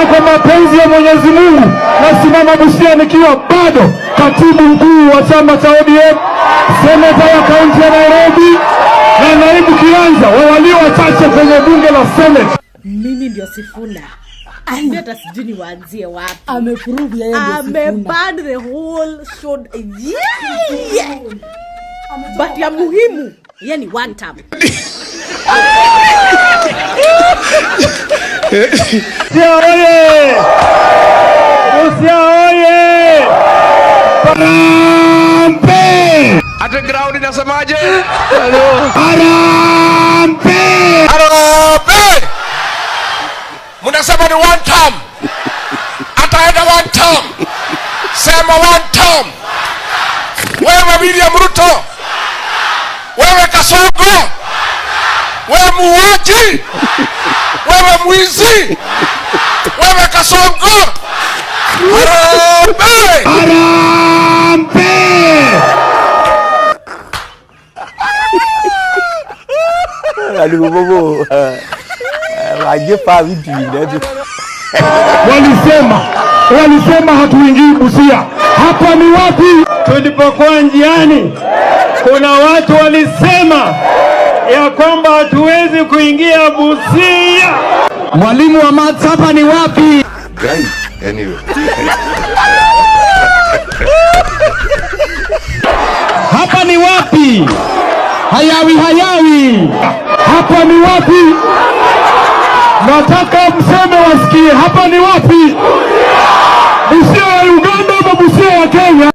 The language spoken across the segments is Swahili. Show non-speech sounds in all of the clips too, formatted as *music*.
na kwa mapenzi ya Mwenyezi Mungu nasimama Busia nikiwa bado katibu mkuu wa chama cha ODM, seneta wa kaunti ya Nairobi na naibu kianza wa walio wachache kwenye bunge la Senate. Mimi ndio Sifuna. Sijui hm. hata sijui niwaanzie wapi. Ameprove yeye ndio Sifuna. Ameban the whole show. Yeah, yeah. But ya muhimu, yani one time. *laughs* Oye! Rusia oye! Harambe! Underground inasemaje? Harambe! Harambe! Munasema ni one term. Ataenda one term. Sema one term. Wewe William Ruto. Wewe Kasongo. Wewe muuaji wewe mwizi wewe kasongo arambe harambe alibobo wajepa ah, vipi walisema walisema hatuingii Busia, hapa ni wapi? Tulipokuwa njiani, kuna watu walisema ya kwamba hatuwezi kuingia Busia. Mwalimu wa maths hapa ni wapi? Anyway. hapa ni wapi? Hayawi hayawi, hapa ni wapi? Nataka mseme wasikie, hapa ni wapi? Busia ya Uganda ama Busia ya Kenya?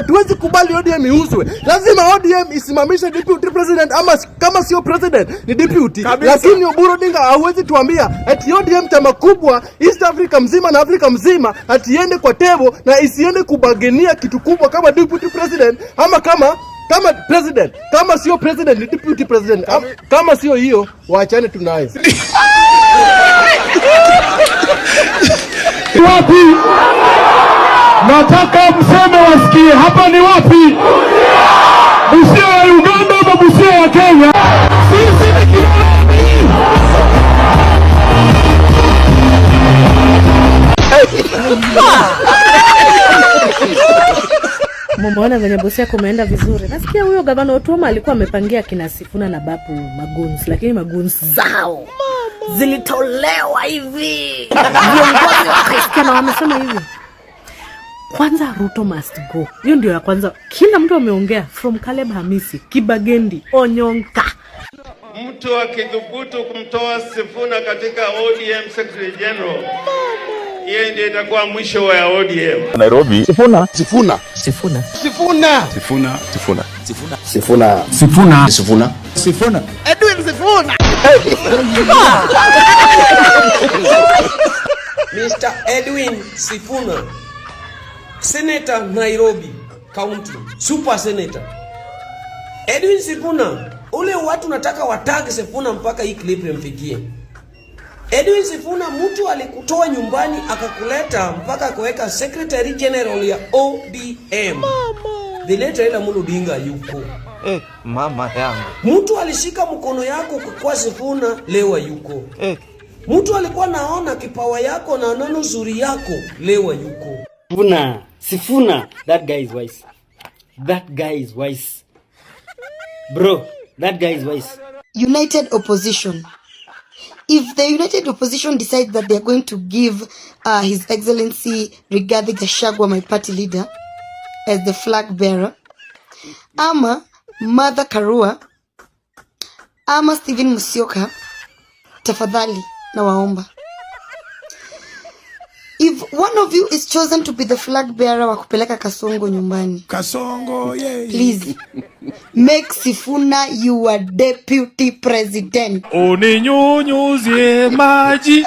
Hatuwezi kubali ODM iuzwe, lazima ODM isimamishe deputy president, ama kama sio president ni deputy. Lakini Oburu Odinga hauwezi tuambia ati ODM chama kubwa East Africa mzima na Afrika mzima atiende kwa tebo na isiende kubagenia kitu kubwa kama deputy president ama kama kama president kama sio president ni deputy president kama, kama sio hiyo waachane tunaye *laughs* wapi Nataka mseme wasikie hapa ni wapi? Busia ya Uganda ama Busia ya Kenya? Mumeona venye Busia kumeenda vizuri. Nasikia huyo gavana Otuoma alikuwa amepangia kina Sifuna na Babu maguns, lakini maguns zao zilitolewa hivi *laughs* viongozi wakasikia na wamesema hivi kwanza Ruto must go. Hiyo ndio ya kwanza, kila mtu ameongea from kaleb Hamisi, Kibagendi, Onyonka. Mtu akithubutu kumtoa Sifuna katika ODM Secretary General, yeye ndiye itakuwa mwisho wa ODM. Nairobi. Sifuna. Sifuna. Sifuna. Sifuna. Sifuna. Sifuna. Sifuna. Sifuna. Sifuna. Sifuna. Sifuna. Edwin Sifuna. Mr. Edwin Sifuna. Senator Nairobi County, super senator Edwin Sifuna, ule watu nataka watag Sifuna mpaka hii clip imfikie. Edwin Sifuna, mtu alikutoa nyumbani akakuleta mpaka kuweka Secretary General ya ODM. The late Raila Amolo Odinga yuko. Eh, mama yangu. Mtu alishika mkono yako kwa Sifuna leo yuko. Eh. Mtu alikuwa naona kipawa yako na naona uzuri yako leo yuko. Buna. Sifuna, that guy is wise. That guy is wise. Bro, that guy is wise. United Opposition. If the United Opposition decides that they're going to give uh, His Excellency regarding the shagwa my party leader, as the flag bearer, ama mother Karua, ama Stephen musioka tafadhali na waomba If one of you is chosen to be the flag bearer wa kupeleka Kasongo nyumbani. Kasongo, yay. Please. Make Sifuna your deputy president. Uninyunyuzie maji.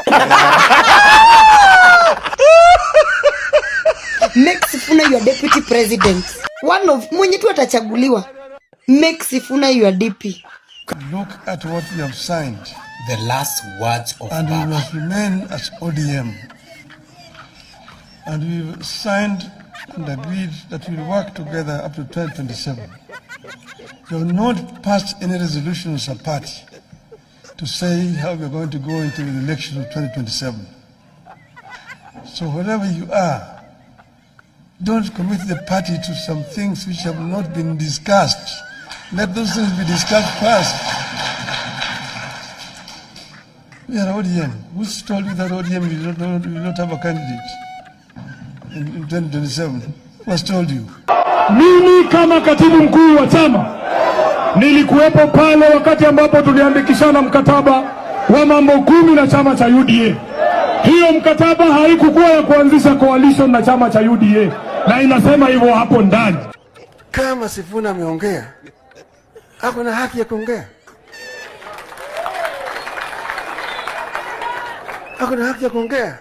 Make Sifuna your deputy president. One of mwenye tu atachaguliwa. Make Sifuna your DP. Look at what you have signed. The last words of And Baba. we must remain as ODM. and we've signed and agreed that we'll work together up to 2027. We have not passed any resolution as a party to say how we're going to go into the election of 2027. So wherever you are, don't commit the party to some things which have not been discussed. Let those things be discussed first. We are ODM. Who told you that ODM will not, will not have a candidate? 2027 was told you. Mimi kama katibu mkuu wa chama nilikuwepo pale wakati ambapo tuliandikishana mkataba wa mambo kumi na chama cha UDA. Hiyo mkataba haikukuwa ya kuanzisha coalition na chama cha UDA, na inasema hivyo hapo ndani. Kama Sifuna ameongea, ako na haki ya kuongea, ako na haki ya kuongea.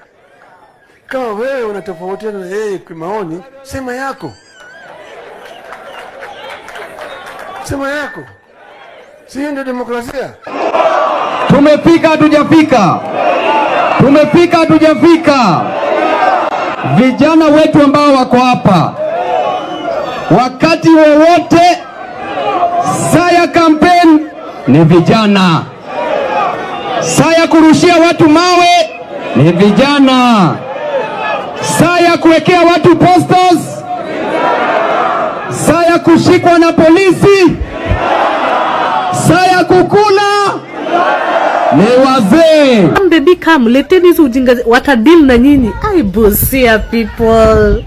Kama wewe unatofautiana na yeye maoni, sema yako, sema yako, si hiyo ndio demokrasia? Tumefika hatujafika, tumefika hatujafika. Vijana wetu ambao wako hapa, wakati wowote, saa ya kampeni ni vijana, saa ya kurushia watu mawe ni vijana ya kuwekea watu posters, saa ya kushikwa na polisi, saa ya kukula ni wazee. Mbebika, leteni hizo ujinga, watadili na nyinyi. Ai busia people,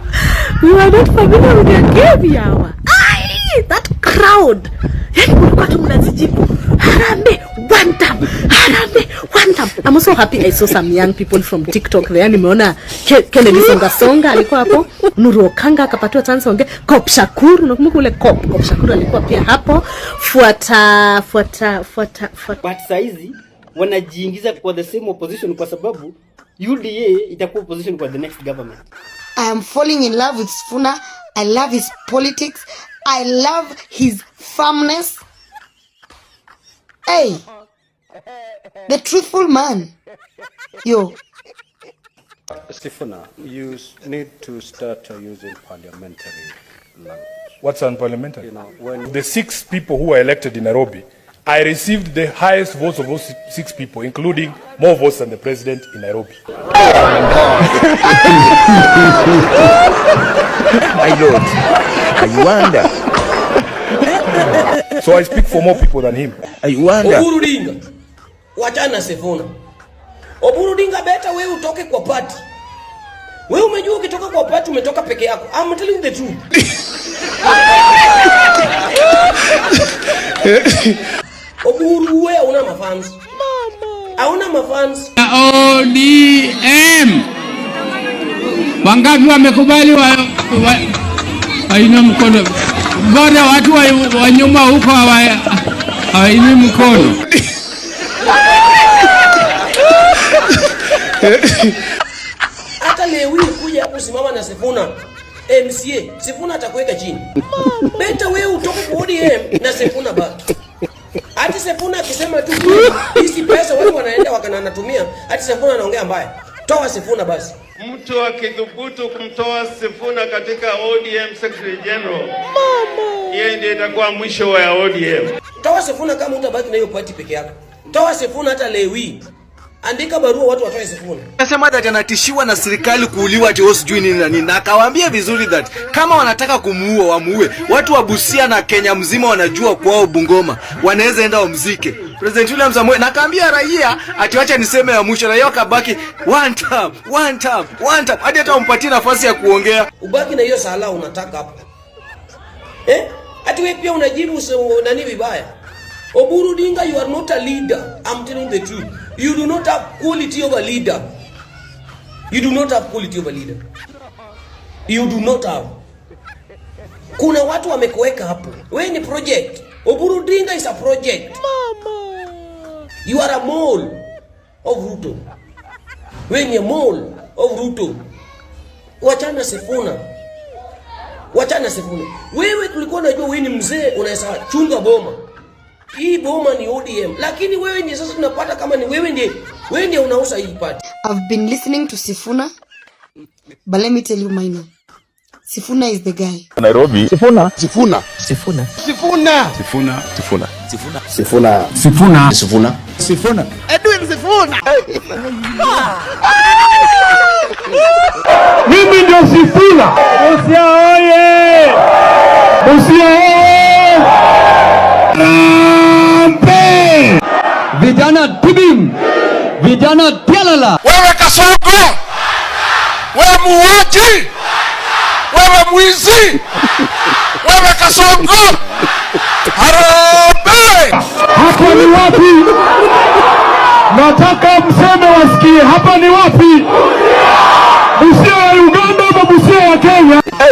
we are not familiar with your game yawa. Ai that crowd, yani mlikuwa tu mnazijibu harambe Bantam, Harambee, I'm so happy I saw some young people from TikTok there. Nimeona Kennedy Songa Songa alikuwa hapo, Nuru Okanga akapatiwa chance onge, Kop Shakur, unakumbuka ule Kop, Kop Shakur alikuwa pia hapo. Fuata fuata fuata fuata. But saizi wanajiingiza kwa the same opposition kwa sababu UDA itakuwa opposition kwa the next government. I am falling in love with Sifuna. I love his politics. I love his firmness. Hey. The truthful man. Yo. Sifuna, you need to start using parliamentary language. What's unparliamentary? You know, when the six people who were elected in Nairobi, I received the highest votes of those six people, including more votes than the president in Nairobi. My lord, I wonder. so I speak for more people than him. I wonder. Wachana na Sifuna. Oburu Dinga beta wewe utoke kwa party. Wewe umejua ukitoka kwa party umetoka peke yako. I'm telling the truth. *laughs* Oburu wewe una mafans. Mama. Hauna mafans. ODM. Wangapi wamekubali wa, wa, wainua mkono. Bora watu wa, wa nyuma huko hawainui mkono. Hata leo hii kuja kusimama na Sifuna eh, MCA, Sifuna atakuweka chini. Beta wewe utoke kwa ODM na Sifuna baki. Hata Sifuna akisema tu hizi pesa watu wanaenda wakana anatumia, hata Sifuna anaongea mbaya. Toa Sifuna basi. Mtu akithubutu kumtoa Sifuna katika ODM Secretary General, mama, yeye ndiye itakuwa mwisho wa ODM. Toa Sifuna kama utabaki na hiyo party peke yako. Toa Sifuna hata leo hii. Andika barua watu watoe sifuri. Nasema that anatishiwa na serikali kuuliwa ati sijui nini na nini. Na akawaambia vizuri that kama wanataka kumuua wamuue. Watu wa Busia na Kenya mzima wanajua kwao Bungoma. Wanaweza enda wamzike. President William Samoei na akaambia raia ati wacha niseme ya mwisho raia akabaki one time, one time, one time. Hadi hata umpatie nafasi ya kuongea. Ubaki na hiyo sala unataka hapa Eh? Ati wewe pia unajibu nani vibaya? Oburu Dinga, you are not a leader. I'm telling the truth. You do not have quality of a leader. You do not have quality of a leader. You do not have. Kuna watu wamekuweka hapo. Wewe ni project. Oburu Dinga is a project. Mama. You are a mole of Ruto. Wewe ni a mole of Ruto. Wachana Sifuna. Wachana Sifuna. Wewe tulikuwa najua wewe ni mzee unaweza chunga boma. Hii boma ni ODM, lakini wewe ndiye sasa tunapata kama ni wewe ndiye wewe ndiye unauza hii party. I've been listening to Sifuna. But let me tell you my name. Sifuna is the guy. Nairobi. Sifuna. Sifuna. Sifuna. Sifuna. Sifuna. Sifuna. Sifuna. Sifuna. Sifuna. Sifuna. Sifuna. Edwin Sifuna. Mimi ndio Sifuna. Busia oye. Busia oye. Tibim, vijana Dialala. Wewe kasongo, wewe muuaji, wewe mwizi, wewe kasongo, harambee! Hapa ni wapi? Nataka mseme wasikie, hapa ni wapi? Busia ya Uganda ama Busia ya Kenya?